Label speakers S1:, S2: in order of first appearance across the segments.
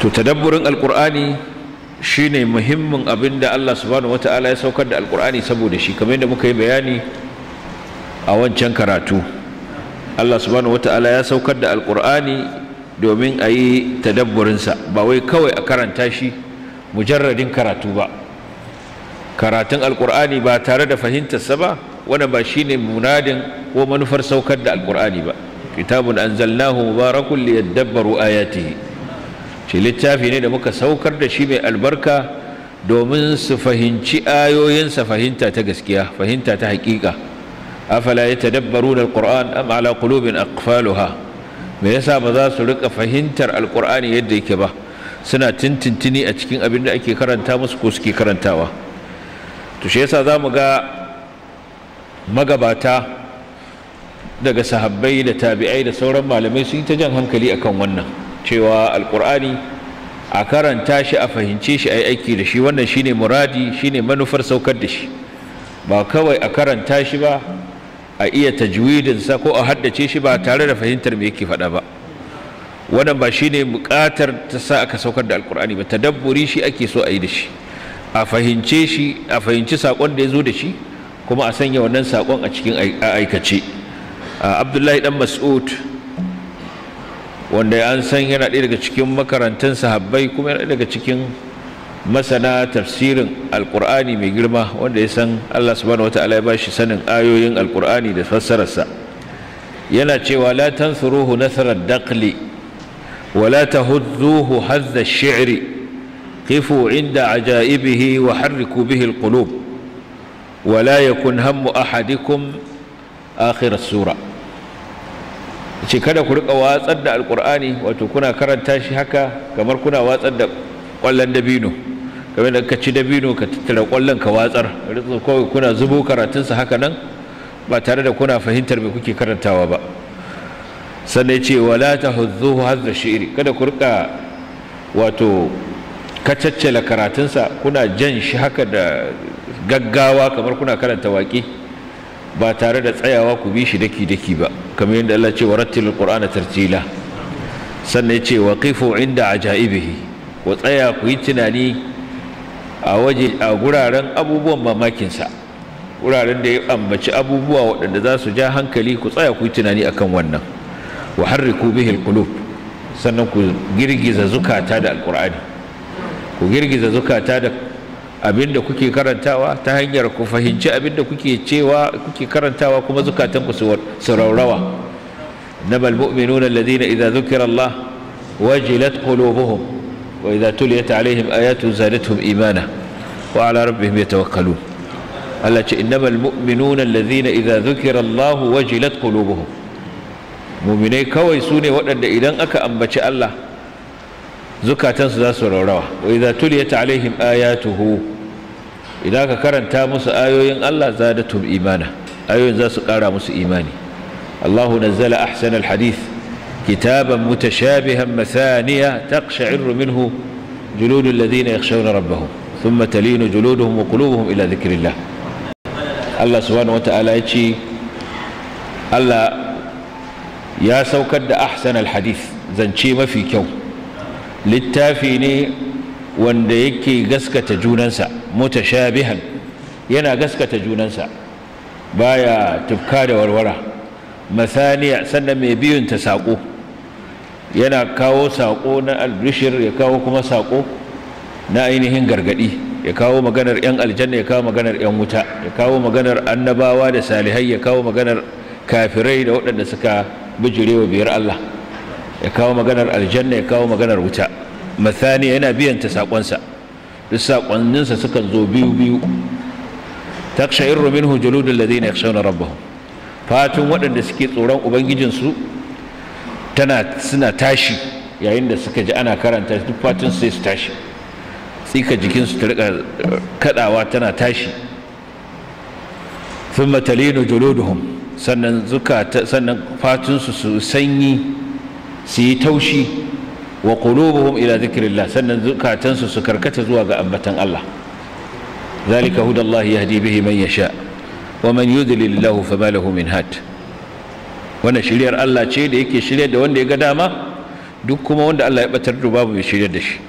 S1: to tadabburin alqur'ani shine muhimmin abin da Allah subhanahu wataala ya saukar da alqur'ani saboda shi kamar yadda muka yi bayani a wancan karatu Allah subhanahu wataala ya saukar da alqur'ani domin a yi tadabburinsa ba wai kawai a karanta shi mujarradin karatu ba karatun alkur'ani ba tare da fahimtarsa ba wanda ba shine ne munadin ko manufar saukar da alkur'ani ba kitabun anzalnahu mubarakun liyadabbaru ayatihi shi littafi ne da muka saukar da shi mai albarka domin su fahimci ayoyinsa fahimta ta gaskiya fahimta ta haƙiƙa afala ya tadabbaru da alƙur'an am ala qulubin aqfaluha me yasa ba za su rika fahimtar alƙur'ani yadda yake ba suna tintintini a cikin abin da ake karanta musu ko suke karantawa to shi yasa za mu ga magabata daga sahabbai da tabi'ai da sauran malamai sun yi ta jan hankali akan wannan cewa alkur'ani a karanta shi a fahimce shi a yi aiki da shi wannan ne muradi shine manufar saukar da shi ba kawai a karanta shi ba a iya tajwidinsa ko a haddace shi ba tare da fahimtar me yake faɗa ba wannan ba shine buƙatar ta sa aka saukar da alkur'ani ba tadabburi shi ake so a yi da shi a fahimce shi a fahimci saƙon da ya zo da shi kuma a sanya wannan saƙon a cikin aikace abdullahi dan mas'ud wanda an san yana ɗaya daga cikin makarantun sahabbai kuma yana daga cikin masana tafsirin alqur'ani mai girma wanda ya san Allah subhanahu wataala ya bashi sanin ayoyin alqur'ani da fassararsa yana cewa la tansuruhu nasarar daqli wala tahudduhu hazza shi'ri قفوا عند عجائبه وحركوا به القلوب ولا يكن هم احدكم اخر السوره ce kada ku rika watsar da alkur'ani wato kuna karanta shi haka kamar kuna watsar da kwallon dabino kamar da ka ci dabino ka tattara kwallon ka watsar kawai kuna zubo karatunsa haka nan ba tare da kuna fahimtar me kuke karantawa ba sannan ce wala tahuzzuhu hazza shi'ri kada ku rika wato kacaccela karatunsa kuna jan shi haka da gaggawa kamar kuna karanta waƙi ba tare da tsayawa ku bi shi daki-daki ba kamar yadda Allah ce warattilul qur'ana tartila sannan ya ce waqifu inda ajaibihi ku tsaya ku yi tunani a waje a guraren abubuwan mamakinsa guraren da ya ambaci abubuwa waɗanda za su ja hankali ku tsaya ku yi tunani akan wannan wa harriku bihi alqulub sannan ku girgiza zukata da alqur'ani ku girgiza zukata da abinda kuke karantawa ta hanyar ku fahimci abinda kuke cewa kuke karantawa kuma zukatanku su raurawa innama almu'minuna alladhina idza dhukira Allah wajilat qulubuhum wa idza tuliyat alaihim ayatu zadatuhum imana wa ala rabbihim yatawakkalun Allah ce innama almu'minuna alladhina idza dhukira Allah wajilat qulubuhum mu'minai kawai sune waɗanda idan aka ambaci Allah zukatansu za su raurawa wa idza tuliyat alaihim ayatuhu idan ka karanta musu ayoyin Allah zadatum imana ayoyin za su kara musu imani Allahu nazzala ahsana alhadith kitaban mutashabihan mathaniya taqsha'iru minhu جلود الذين يخشون ربهم ثم تلين جلودهم وقلوبهم إلى ذكر الله الله سبحانه وتعالى يتشي الله يا سوكد أحسن الحديث زنشي ما في كون littafi ne wanda yake gaskata junansa mutashabihan yana gaskata junansa baya tufka da warwara masaniya sannan mai biyun ta saƙo yana kawo saƙo na albishir ya kawo kuma saƙo na ainihin gargaɗi ya kawo maganar 'yan aljanna ya kawo maganar 'yan wuta ya kawo maganar annabawa da salihai ya kawo maganar kafirai da waɗanda suka bijirewa biyar Allah ya kawo maganar aljanna ya kawo maganar wuta mathani yana biyan ta sakonsa duk sakonninsa sukan zo biyu biyu taksha'irru minhu juludul ladina yakhshawna rabbahum fatun waɗanda suke tsoron ubangijinsu tana suna tashi yayin da suka ji ana karanta duk fatun sai su tashi tsika jikinsu ta rika eh, kadawa tana tashi thumma talinu juluduhum sannan zukata sannan fatunsu su sanyi su yi taushi wa qulubuhum ila dhikrillah sannan zukatansu su karkata zuwa ga ambatan Allah zalika hudallahi yahdi bihi man yasha wa man yudlil lahu fama lahu min had wannan shiryar Allah ce da yake shiryar da wanda ya ga dama duk kuma wanda Allah ya batar da babu mai shiryar da shi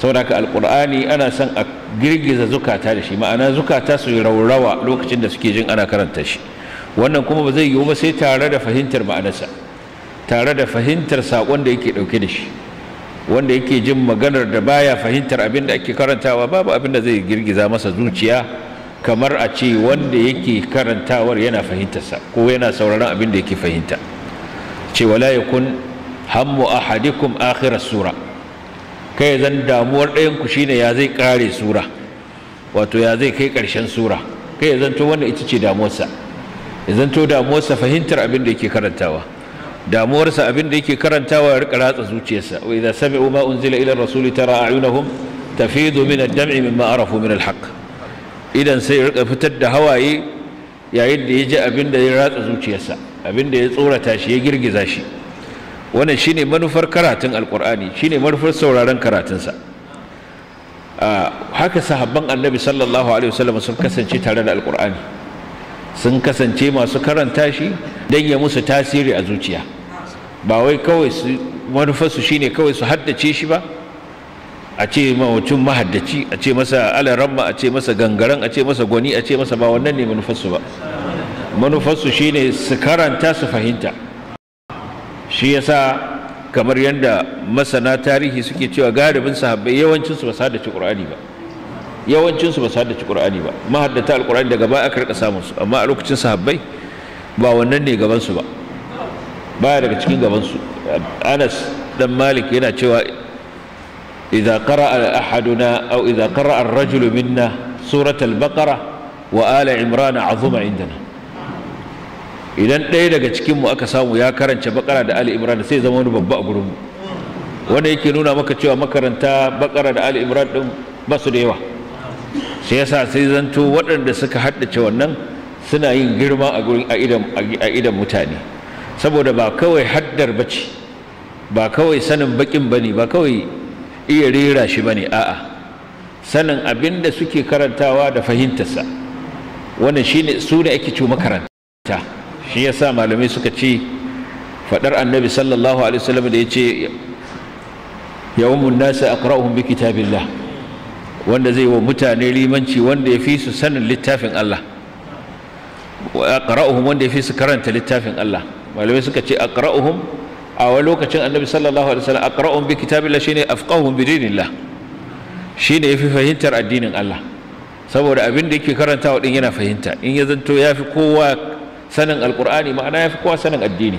S1: saboda ka alqur'ani ana son a girgiza zukata da shi ma'ana zukata su raurawa lokacin da suke jin ana karanta shi wannan kuma ba zai yiwu ba sai tare da fahimtar ma'anarsa tare da fahimtar saƙon da yake ɗauke da shi wanda yake jin maganar da baya fahimtar abin da ake karantawa babu abin da zai girgiza masa zuciya kamar a ce wanda yake karantawar yana fahimtarsa ko yana sauraron abin da yake fahimta ce wala yakun hammu ahadikum akhirar sura kai zan damuwar ɗayan ku shine ya zai kare sura wato ya zai kai ƙarshen sura kai zan to wanda ita ce damuwarsa ya zan to damuwarsa fahimtar abin da yake karantawa damuwarsa abin da yake karantawa ya rika ratsa zuciyarsa wa idza sami'u ma unzila ila rasul tara a'yunahum tafidu min ad-dam'i mimma arafu min al-haqq idan sai ya rika fitar da hawaye yayin da ya ji abin da ya ratsa zuciyarsa abin da ya tsorata shi ya girgiza shi wannan shine manufar karatun alqur'ani shine manufar sauraron karatunsa haka sahabban annabi sallallahu alaihi wasallam sun kasance tare da alqur'ani sun kasance masu karanta shi don ya musu tasiri a zuciya ba wai kawai su manufarsu shine kawai su haddace shi ba a ce ma mutum mahaddaci a ce masa ramma a ce masa gangaren a ce masa gwani a ce masa ba wannan ne manufarsu ba manufarsu shine su karanta su fahimta shi yasa kamar yadda masana tarihi suke cewa galibin sahabbai su ba su haddace qur'ani ba yawancinsu ba su haddace qur'ani ba mahaddata alqur'ani daga baya aka rika samun su amma a lokacin sahabbai ba wannan ne gaban su ba baya daga cikin gabansu anas dan malik yana cewa idza qara'a ahaduna aw idza qara'a ar-rajulu minna surat al-baqara wa ala imran azuma indana idan ɗaya daga cikin mu aka samu ya karanta baqara da ali imran sai zama wani babba a gurin mu wanda yake nuna maka cewa makaranta baqara da ali imran din ba su da yawa sai yasa sai zanto waɗanda suka haddace wannan suna yin girma a gurin a idan mutane saboda ba kawai haddar bace ba kawai sanin bakin bane ba kawai iya rera shi bane a'a sanin abin da suke karantawa da fahimtarsa wannan shine su ne ake cewa makaranta shi yasa malamai suka ce fadar annabi sallallahu alaihi wasallam da yace yawmun nasu aqra'uhum bi kitabillah wanda zai wa mutane limanci wanda ya fi su sanin littafin Allah wa aqra'uhum wanda ya fi su karanta littafin Allah malamai suka ce aqra'uhum a wani lokacin annabi sallallahu alaihi wasallam aqra'uhum bi kitabillah shine afqahuhum bi dinillah shine yafi fahimtar addinin Allah saboda abin da yake karantawa din yana fahimta in ya zanto yafi kowa sanin alqur'ani ma'ana yafi kowa sanin addini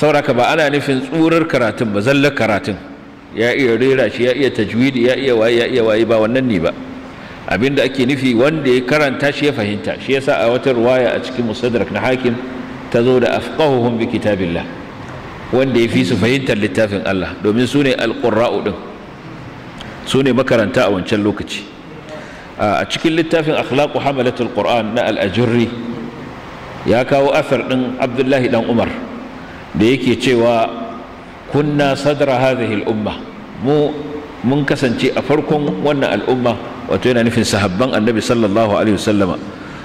S1: sauraka ba ana nufin tsurar karatun ba zallar karatun ya iya rera shi ya iya tajwidi ya iya waye ya iya waye ba wannan ne ba abinda ake nufi wanda ya karanta shi ya fahimta shi yasa a wata ruwaya a cikin musadrak na hakim ta zo da afqahuhum bi kitabillah wanda ya fi su fahimtar littafin Allah domin su ne alqurra'u din su ne makaranta a wancan lokaci a cikin littafin akhlaqu hamalatul qur'an na al ya kawo asar ɗin Abdullahi dan Umar da yake cewa kunna sadra hadhihi al-umma mun kasance a farkon wannan al'umma wato yana nufin sahabban annabi sallallahu alaihi wasallama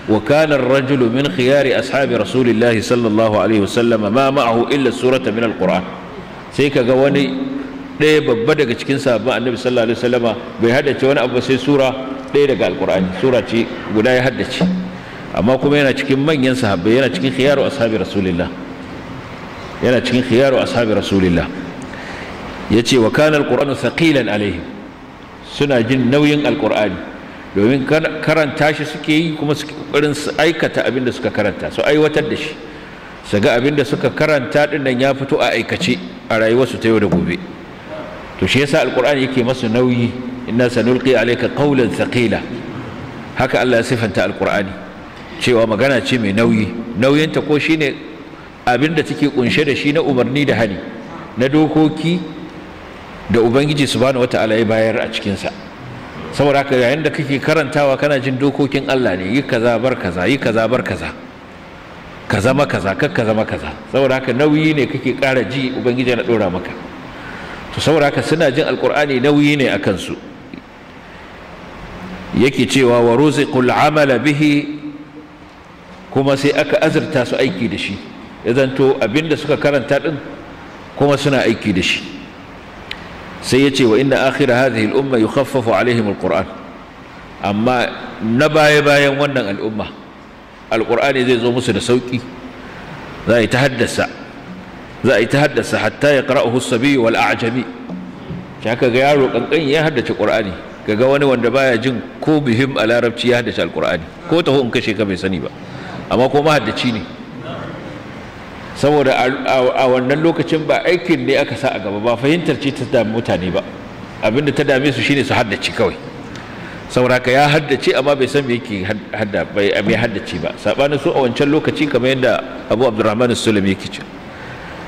S1: وكان الرجل من خيار أصحاب رسول الله صلى الله عليه وسلم ما معه إلا سورة من القرآن سيكا قواني ɗaya babba daga cikin sahabban annabi bai haddace wani abu sai sura ɗaya daga alqur'ani sura ce guda ya haddace amma kuma yana cikin manyan sahabbai yana cikin khiyaru ashabi rasulillah yana cikin khiyaru ashabi rasulillah yace wa kana alqur'anu thaqilan alaihim suna jin nauyin alqur'ani domin karanta shi suke yi kuma suke ƙoƙarin su aikata abin da suka karanta su aiwatar da shi su ga abin da suka karanta ɗin ya fito a aikace a rayuwarsu ta yau da gobe to shi yasa alƙur'ani yake masu nauyi inna sanulqi alayka qawlan thaqila haka Allah ya sifanta alƙur'ani cewa magana ce mai nauyi nauyinta ko shine abin da take kunshe da shi na umarni da hali na dokoki da ubangiji subhanahu wataala ya bayar a cikinsa sa saboda haka yayin da kake karantawa kana jin dokokin Allah ne yi kaza bar kaza yi kaza bar kaza ka zama kaza kar ka zama kaza saboda haka nauyi ne kake ƙara ji ubangiji na ɗora maka to saboda haka suna jin alƙur'ani nauyi ne a kansu yake cewa wa ruziqul amala bihi kuma sai aka azurta su aiki da shi ya zanto abinda suka karanta din kuma suna aiki da shi sai ya ce wa inna akhira hadhihi al-umma yukhaffafu kaffafa al-qur'an amma na baya bayan wannan al'umma alqur'ani zai zo musu da sauki za ita haddasa hatta ya qara'uhu as-sabi wal a'jami haka ga yaro kankan ya haddace qur'ani kaga wani wanda baya jin ko bihim a larabci ya haddace alqur'ani ko taho in kashe ka bai sani ba amma ko mahaddaci ne saboda a wannan lokacin ba aikin ne aka sa a gaba ba fahimtar ce ta dami mutane ba abinda ta dame su shine su haddace kawai sauraka ya haddace amma bai san me yake hadda bai haddace ba Saɓani su a wancan lokaci kamar yadda Abu Abdurrahman Sulami yake ce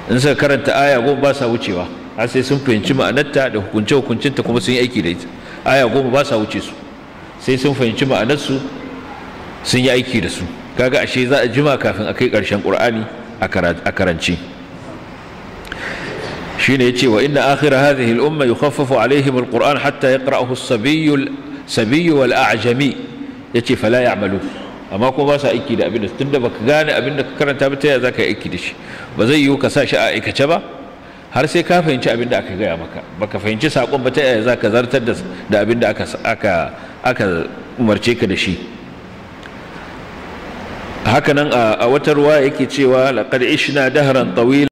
S1: in suka karanta aya goma ba sa wucewa har sai sun fahimci ma'anarta da hukunce hukuncinta kuma sun yi aiki da ita aya goma ba sa wuce su sai sun fahimci ma'anarsu sun yi aiki da su kaga ashe za a jima kafin a kai ƙarshen ƙur'ani a karanci shi ne shine yace wa inna akhir hadhihi al-umma yukhaffafu alaihim al-qur'an hatta yaqra'ahu as-sabiy wal ya ce, fala ya'malu amma kuma ba sa aiki da abin da tun tunda baka gane abin da ka karanta ba ta yaya za ka zaka aiki da shi ba zai yiwu ka sa shi a aikace ba har sai ka fahimci abin da aka gaya maka baka fahimci saƙon ba ta yaya za ka zartar da abin da aka aka aka umarce ka da shi hakanan a watarwa ruwa yake cewa laqad ishna daharan tawila